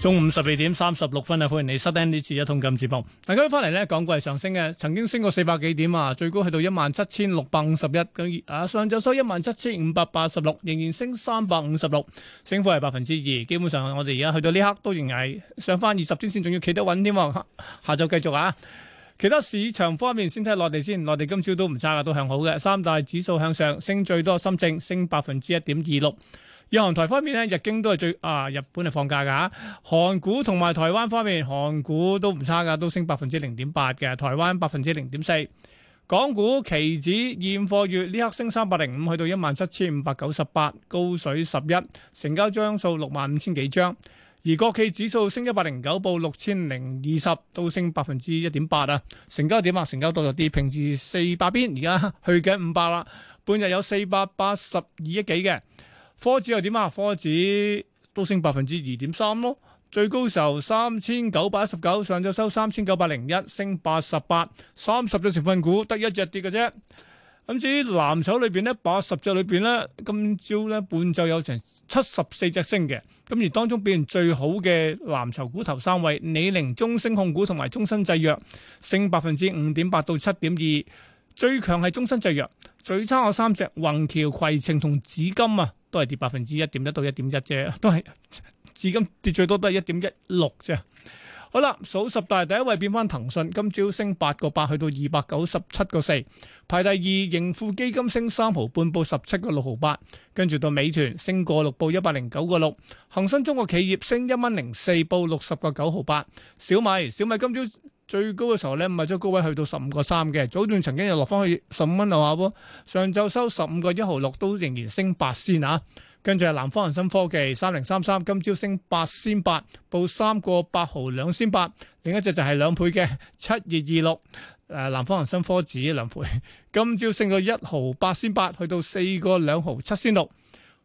中午十二點三十六分啊，歡迎你收聽呢次一通金節目。大家翻嚟呢，港股係上升嘅，曾經升過四百幾點啊，最高去到一萬七千六百五十一。咁啊，上晝收一萬七千五百八十六，仍然升三百五十六，升幅係百分之二。基本上我哋而家去到呢刻都仍係上翻二十天線，仲要企得穩添。下晝繼續啊。其他市場方面，先睇下內地先。內地今朝都唔差噶，都向好嘅。三大指數向上，升最多深，深證升百分之一點二六。日韓台方面咧，日經都係最啊，日本係放假噶吓，啊。韓股同埋台灣方面，韓股都唔差噶，都升百分之零點八嘅。台灣百分之零點四。港股期指現貨月呢刻升三百零五，去到一萬七千五百九十八，高水十一，成交張數六萬五千幾張。而國企指數升一百零九，報六千零二十，都升百分之一點八啊。成交點啊，成交多咗啲，平時四百邊，而家去緊五百啦。半日有四百八十二億幾嘅。科指又點啊？科指都升百分之二點三咯，最高時候三千九百一十九，上晝收三千九百零一，升八十八。三十隻成分股得一隻跌嘅啫。咁至於藍籌裏邊呢，八十隻裏邊呢，今朝呢半晝有成七十四隻升嘅。咁而當中表現最好嘅藍籌股頭三位，李寧、中升控股同埋中生製藥，升百分之五點八到七點二。最強係中生製藥，最差我三隻宏橋、攜程同紫金啊。都係跌百分之一點一到一點一啫，都係至今跌最多都係一點一六啫。好啦，數十大第一位變翻騰訊，今朝升八個八去到二百九十七個四，排第二盈富基金升三毫半報十七個六毫八，跟住到美團升個六報一百零九個六，恒生中國企業升一蚊零四報六十個九毫八，小米小米今朝。最高嘅時候咧，咪咗高位去到十五個三嘅，早段曾經又落翻去十五蚊樓下喎，上晝收十五個一毫六，都仍然升八仙啊。跟住係南方恒生科技三零三三，今朝升八仙八，報三個八毫兩仙八。另一隻就係兩倍嘅七二二六，誒，南方恒生科指兩倍，今朝升到一毫八仙八，去到四個兩毫七仙六。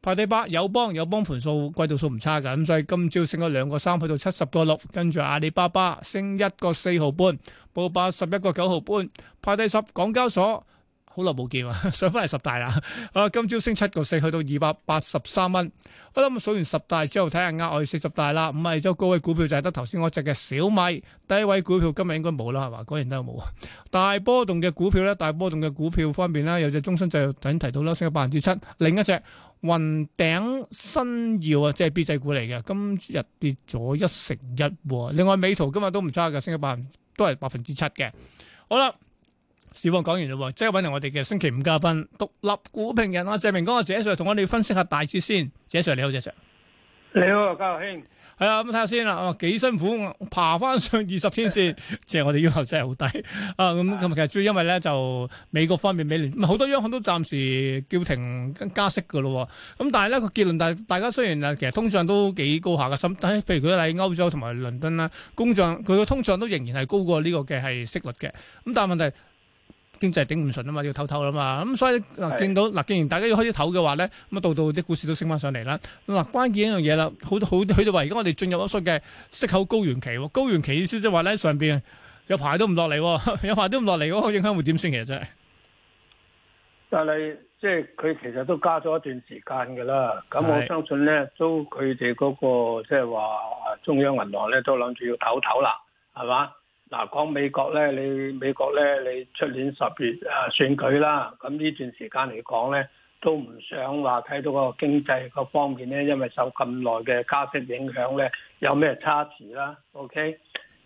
排第八友邦，友邦盤數季度數唔差噶，咁所以今朝升咗兩個三，去到七十個六。跟住阿里巴巴升一個四毫半，報八十一個九毫半。排第十港交所好耐冇見啊，上翻嚟十大啦。啊，今朝升七個四，去到二百八十三蚊。好啦，咁數完十大之後，睇下額外四十大啦。五位就高位股票就係得頭先嗰隻嘅小米，低位股票今日應該冇啦，係嘛？果然都冇。大波動嘅股票咧，大波動嘅股票方面咧，有隻中生製藥等提到啦，升咗百分之七。另一隻。雲頂新耀啊，即係 B 製股嚟嘅，今日跌咗一成一。另外美圖今日都唔差嘅，升咗百分，都係百分之七嘅。好啦，市況講完啦，即係揾嚟我哋嘅星期五嘉賓，獨立股評人阿謝明光阿謝 Sir，同我哋分析下大市先。謝 Sir 你好，謝 Sir。你好，家樂兄。係啊，咁睇下先啦，啊、呃、幾辛苦爬翻上二十天線。即係 我哋要求真係好低啊！咁、嗯、今、 嗯嗯、其實最因為咧就美國方面，美聯好多央行都暫時叫停加息噶咯，咁、嗯、但係咧個結論，大大家雖然啊，其實通脹都幾高下嘅，咁喺譬如佢喺歐洲同埋倫敦啦，工通脹佢嘅通脹都仍然係高過呢個嘅係息率嘅，咁、嗯、但係問題。經濟頂唔順啊嘛，要唞唞啦嘛，咁、嗯、所以嗱、啊，見到嗱、啊，既然大家要開始唞嘅話咧，咁啊到到啲股市都升翻上嚟啦。嗱、啊，關鍵一樣嘢啦，好好佢哋話而家我哋進入咗新嘅息口高原期，高原期意思即係話咧上邊有排都唔落嚟，有排都唔落嚟，嗰、啊、個影響會點先？其實真係，但係即係佢其實都加咗一段時間嘅啦。咁我相信咧，都佢哋嗰個即係話中央銀行咧都諗住要唞唞啦，係嘛？嗱，講美國咧，你美國咧，你出年十月啊選舉啦，咁呢段時間嚟講咧，都唔想話睇到個經濟個方面咧，因為受咁耐嘅加息影響咧，有咩差池啦？OK，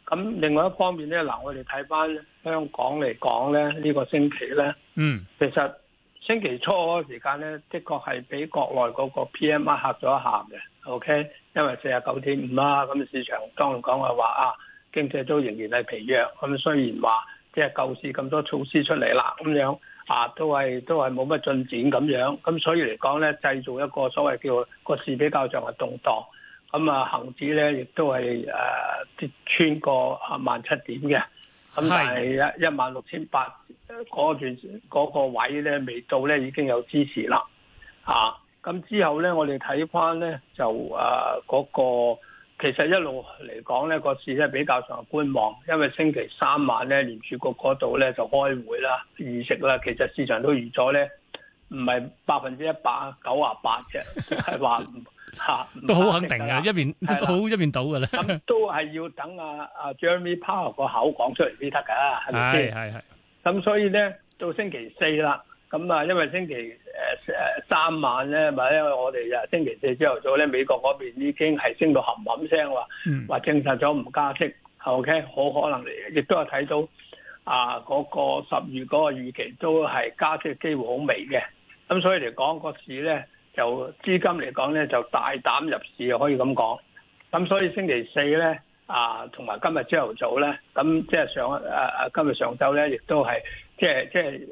咁另外一方面咧，嗱我哋睇翻香港嚟講咧，呢個星期咧，嗯，其實星期初嗰個時間咧，的確係畀國內嗰個 PMI 嚇咗一嚇嘅，OK，因為四十九點五啦，咁市場當講話話啊。經濟都仍然係疲弱，咁雖然話即係救市咁多措施出嚟啦，咁樣啊，都係都係冇乜進展咁樣，咁所以嚟講咧，製造一個所謂叫個市比較上嘅動盪，咁啊恆指咧亦都係誒、呃、跌穿過啊萬七點嘅，咁但係一萬六千八嗰段嗰個位咧未到咧已經有支持啦，嚇、啊！咁之後咧我哋睇翻咧就誒嗰、呃那個。其實一路嚟講咧，個市咧比較上觀望，因為星期三晚咧，聯儲局嗰度咧就開會啦、預測啦，其實市場預 都預咗咧，唔係百分之一百九啊八啫，係話吓都好肯定啊，一邊好一邊倒噶啦，咁都係要等阿阿 Jeremy Powell 個口講出嚟先得噶，係咪先？咁所以咧，到星期四啦。咁啊，嗯、因為星期誒誒三晚咧，咪因為我哋就星期四朝頭早咧，美國嗰邊已經係升到冚冚聲，話話證實咗唔加息，OK，好可能嚟，亦都有睇到啊嗰、嗰個十月嗰個預期都係加息機會好微嘅。咁所以嚟講、個市咧，就資金嚟講咧，就大膽入市可以咁講。咁所以星期四咧，啊同埋今日朝頭早咧，咁即係上啊啊今日上晝咧，亦都係。即係即係誒誒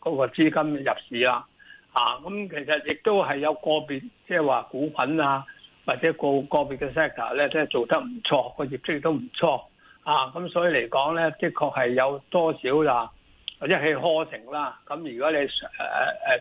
嗰個資金入市啦，啊咁其實亦都係有個別即係話股份啊，或者個個別嘅 sector 咧，即係做得唔錯，個業績都唔錯，啊咁所以嚟講咧，的確係有多少啦，或者係課成啦，咁如果你誒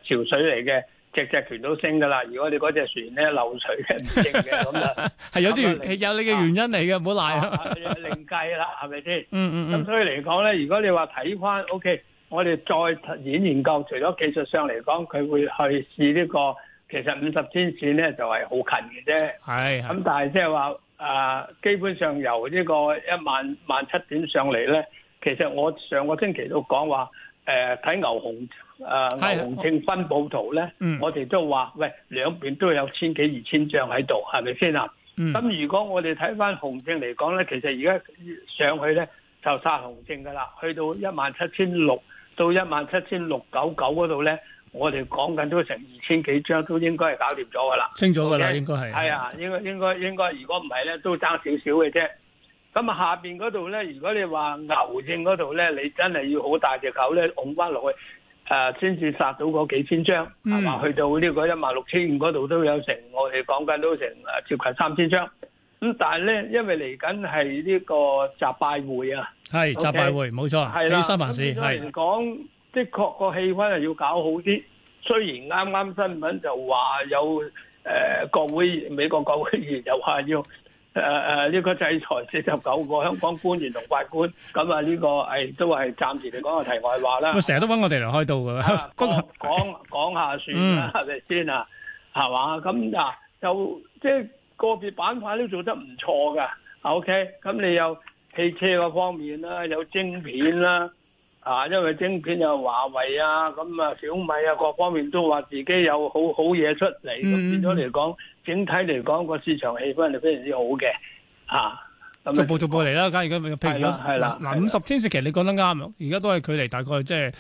誒潮水嚟嘅。隻隻船都升噶啦，如果你嗰隻船咧漏水嘅唔升嘅，咁就係 有啲有你嘅原因嚟嘅，唔好賴啊，另計啦，係咪先？嗯嗯。咁所以嚟講咧，如果你話睇翻，OK，我哋再演研究，除咗技術上嚟講，佢會去試呢個，其實五十天線咧就係好近嘅啫。係是。咁但係即係話誒，基本上由呢個一萬萬七點上嚟咧，其實我上個星期都講話。誒睇、呃、牛熊，誒、呃、的牛熊證分佈圖咧，嗯、我哋都話，喂，兩邊都有千幾二千張喺度，係咪先啊？咁、嗯、如果我哋睇翻熊證嚟講咧，其實而家上去咧就殺熊證㗎啦，去到一萬七千六到一萬七千六九九嗰度咧，我哋講緊都成二千幾張都應該係搞掂咗㗎啦，清咗㗎啦，應該係。係啊，應該應該應該，如果唔係咧，都爭少少嘅啫。咁啊，下邊嗰度咧，如果你話牛正證嗰度咧，你真係要好大隻狗咧，拱翻落去，誒、呃，先至殺到嗰幾千張，係話、嗯啊、去到呢個一萬六千五嗰度都有成，我哋講緊都成誒、啊、接近三千張。咁、嗯、但係咧，因為嚟緊係呢個集拜會啊，係是 okay? 集拜會，冇錯，呢啦三件事係講，是的確個氣氛係要搞好啲。雖然啱啱新聞就話有誒國會美國國會議員又話要。誒誒，呢、呃，這個制裁四十九個香港官員同法官，咁啊呢個誒、哎、都係暫時嚟講個題外話啦。佢成日都揾我哋嚟開刀噶、啊 啊，講講下算啦，係咪先啊？係嘛？咁、嗯、嗱，又即係個別板塊都做得唔錯噶，OK？咁你有汽車嗰方面啦，有晶片啦。 啊，因為晶片又、啊、華為啊，咁、嗯、啊小米啊，各方面都話自己有好好嘢出嚟，咁變咗嚟講，整體嚟講個市場氣氛係非常之好嘅。嚇、啊，嗯、逐步逐步嚟啦，而家譬如，係啦，嗱，五十天時期你講得啱，而家都係距離大概即係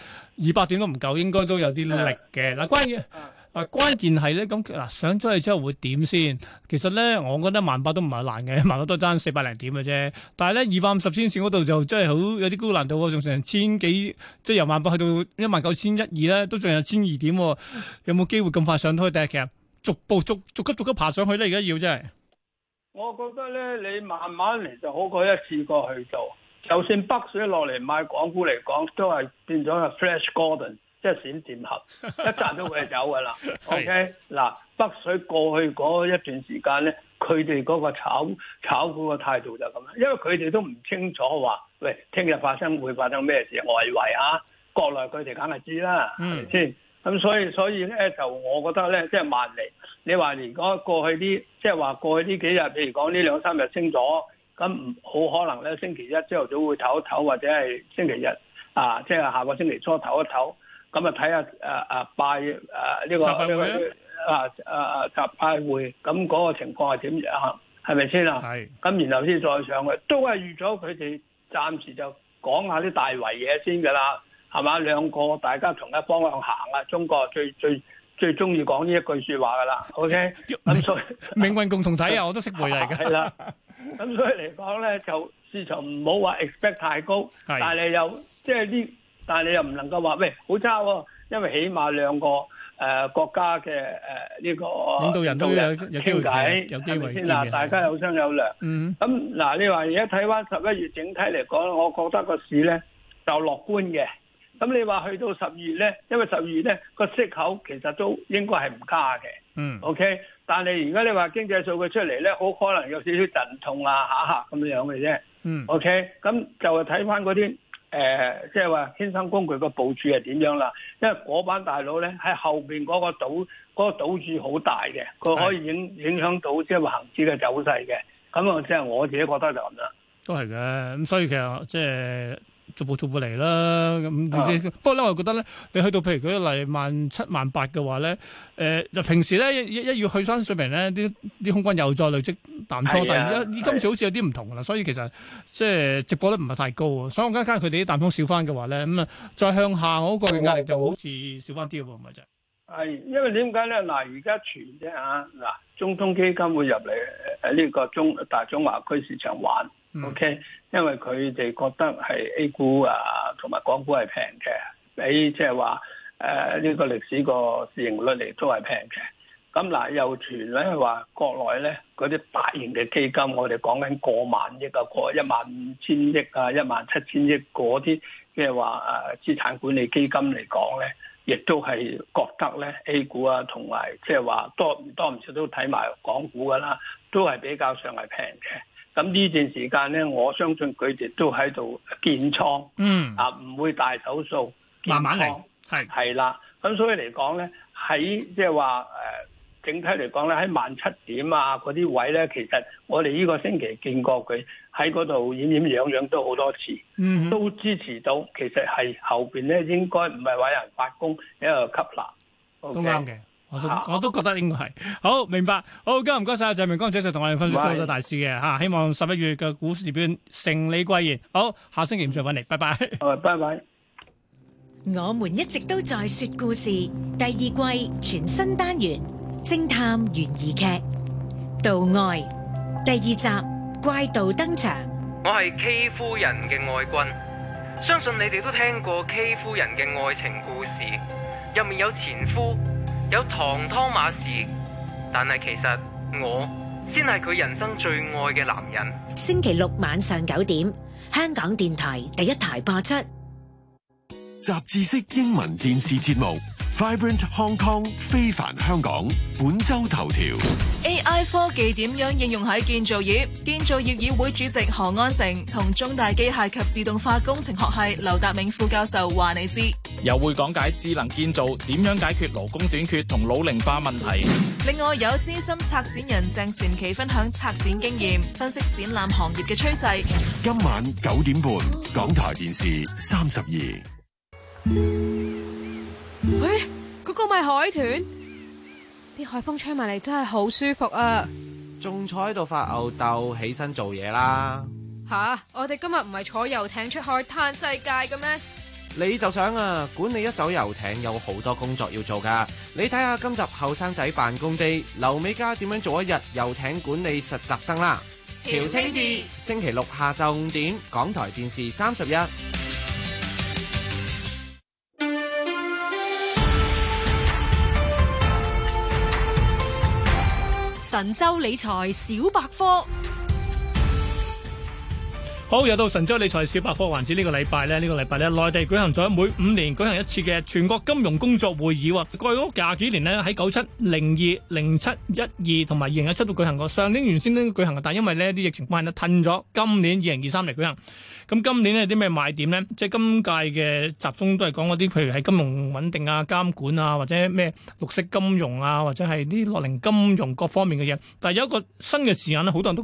二百點都唔夠，應該都有啲力嘅。嗱的、啊，關於、啊啊！關鍵係咧，咁嗱上咗去之後會點先？其實咧，我覺得萬八都唔係難嘅，萬八都爭四百零點嘅啫。但係咧，二百五十天線嗰度就真係好有啲高難度喎，仲成千幾，即係由萬八去到 19, 000, 12, 一萬九千一二咧，都仲有千二點、哦。有冇機會咁快上台？定係其實逐步逐逐級逐級爬上去咧，而家要真係。我覺得咧，你慢慢嚟就好過一次過去做。就算北水落嚟買港股嚟講，都係變咗係 Flash Gordon。一閃電俠一賺都會走㗎啦。 OK 嗱，北水過去嗰一段時間咧，佢哋嗰個炒炒股嘅態度就咁，因為佢哋都唔清楚話，喂，聽日發生會發生咩事？外圍啊，國內佢哋梗係知啦，係咪先？咁所以所以咧，以就我覺得咧，即係慢嚟。你話如果過去啲，即係話過去呢幾日，譬如講呢兩三日升咗，咁好可能咧，星期一朝頭早會唞一唞，或者係星期日，啊，即係下個星期初唞一唞。咁、呃這個、啊，睇下誒誒拜誒呢個呢個啊集會會，咁嗰個情況係點樣？係咪先啊？係。咁是然後先再上去，都係預咗佢哋暫時就講下啲大圍嘢先㗎啦，係嘛？兩個大家同一方向行啊！中國最最最中意講呢一句説話㗎啦。O、okay? K 誒。咁、嗯、所以 命運共同體啊，我都識回嚟嘅。係 啦。咁所以嚟講咧，就市場唔好話 expect 太高，的但你又即係呢？就是但係你又唔能夠話喂好差喎，哦，因為起碼兩個誒、呃、國家嘅誒呢個領導人都有傾偈，天有機會先啦。大家有商有量。嗯。咁嗱，你話而家睇翻十一月整體嚟講，我覺得個市咧就樂觀嘅。咁你話去到十二月咧，因為十二月咧個息口其實都應該係唔加嘅。嗯。OK，但係而家你話經濟數據出嚟咧，好可能有少少陣痛啊嚇嚇咁樣嘅啫。嗯。O K，咁就係睇翻嗰啲。誒，即係話衍生工具個部署係點樣啦？因為嗰班大佬咧喺後邊嗰個島，嗰、嗰個島主好大嘅，佢可以影影響到即係個恆指嘅走勢嘅。咁啊，即係我自己覺得就係咁啦。都係嘅，咁所以其實即係。就是逐步逐步嚟啦，咁、嗯啊、不過咧，我覺得咧，你去到譬如佢嚟萬七萬八嘅話咧，誒、呃，嗱平時咧一一要去山水，水明咧，啲啲空軍又再累積淡倉，啊、但而家今次好似有啲唔同啦，啊、所以其實即係值博率唔係太高所以我加加佢哋啲淡倉少翻嘅話咧，咁啊再向下嗰個壓力就好似少翻啲喎，係咪啫？係、啊啊、因為點解咧？嗱、啊，而家傳啫嚇，嗱中通基金會入嚟喺呢個中大中華區市場玩。O.K.，因為佢哋覺得係 A 股啊，同埋港股係平嘅，比即係話誒呢個歷史個市盈率嚟都係平嘅。咁嗱又傳咧話國內咧嗰啲大型嘅基金，我哋講緊過萬億啊，過一萬五千億啊，一萬七千億嗰啲，即係話誒資產管理基金嚟講咧，亦都係覺得咧 A 股啊，同埋即係話多多唔少都睇埋港股㗎喇，都係比較上係平嘅。咁呢段時間咧，我相信佢哋都喺度建倉，嗯，啊唔會大手數，慢慢嚟，係係啦。咁所以嚟講咧，喺即係話誒整體嚟講咧，喺萬七點啊嗰啲位咧，其實我哋呢個星期見過佢喺嗰度掩掩養養都好多次，嗯哼，都支持到。其實係後邊咧應該唔係有人發功，一度吸納，O K。Okay? 我都好我都覺得應該係好明白，好今日唔該晒謝明光姐就同我哋分析好多大事嘅吓，希望十一月嘅股市表現盛里貴言。好，下星期五再搵你。拜拜。拜拜。我們一直都在說故事第二季全新單元《偵探懸疑劇盜愛》第二集《怪盜登場》。我係 K 夫人嘅愛君，相信你哋都聽過 K 夫人嘅愛情故事，入面有前夫。有唐湯馬氏，但係其實我先係佢人生最愛嘅男人。星期六晚上九點，香港電台第一台播出，雜誌式英文電視節目。Vibrant Hong Kong，非凡香港。本周頭條：AI 科技點樣應用喺建造業？建造業議會主席何安成同中大機械及自動化工程學系劉達銘副教授話你知。又會講解智能建造點樣解決勞工短缺同老齡化問題。另外有資深策展人鄭善琪分享策展經驗，分析展覽行業嘅趨勢。今晚九點半，港台電視三十二。 喂，嗰、那個咪海豚？啲海風吹埋嚟真係好舒服啊！仲坐喺度發吽哣，起身做嘢啦！吓、啊，我哋今日唔係坐遊艇出海嘆世界嘅咩？你就想啊，管理一艘遊艇有好多工作要做㗎。你睇下今集後生仔辦公地劉美嘉點樣做一日遊艇管理實習生啦。朝清志，星期六下晝五點，港台電視三十一。神州理財小百科。好，又到神州理財小百科環節，個呢、呢個禮拜咧，呢個禮拜咧，內地舉行咗每五年舉行一次嘅全國金融工作會議喎，過去廿幾年呢，喺九七、零二、零七、一二同埋二零一七都舉行過，上年原先都舉行嘅，但係因為呢啲疫情關係咧褪咗，今年二零二三嚟舉行。咁今年咧啲咩賣點呢？即係今屆嘅集中都係講嗰啲，譬如係金融穩定啊、監管啊，或者咩綠色金融啊，或者係啲落領金融各方面嘅嘢。但係有一個新嘅時間咧，好多人都。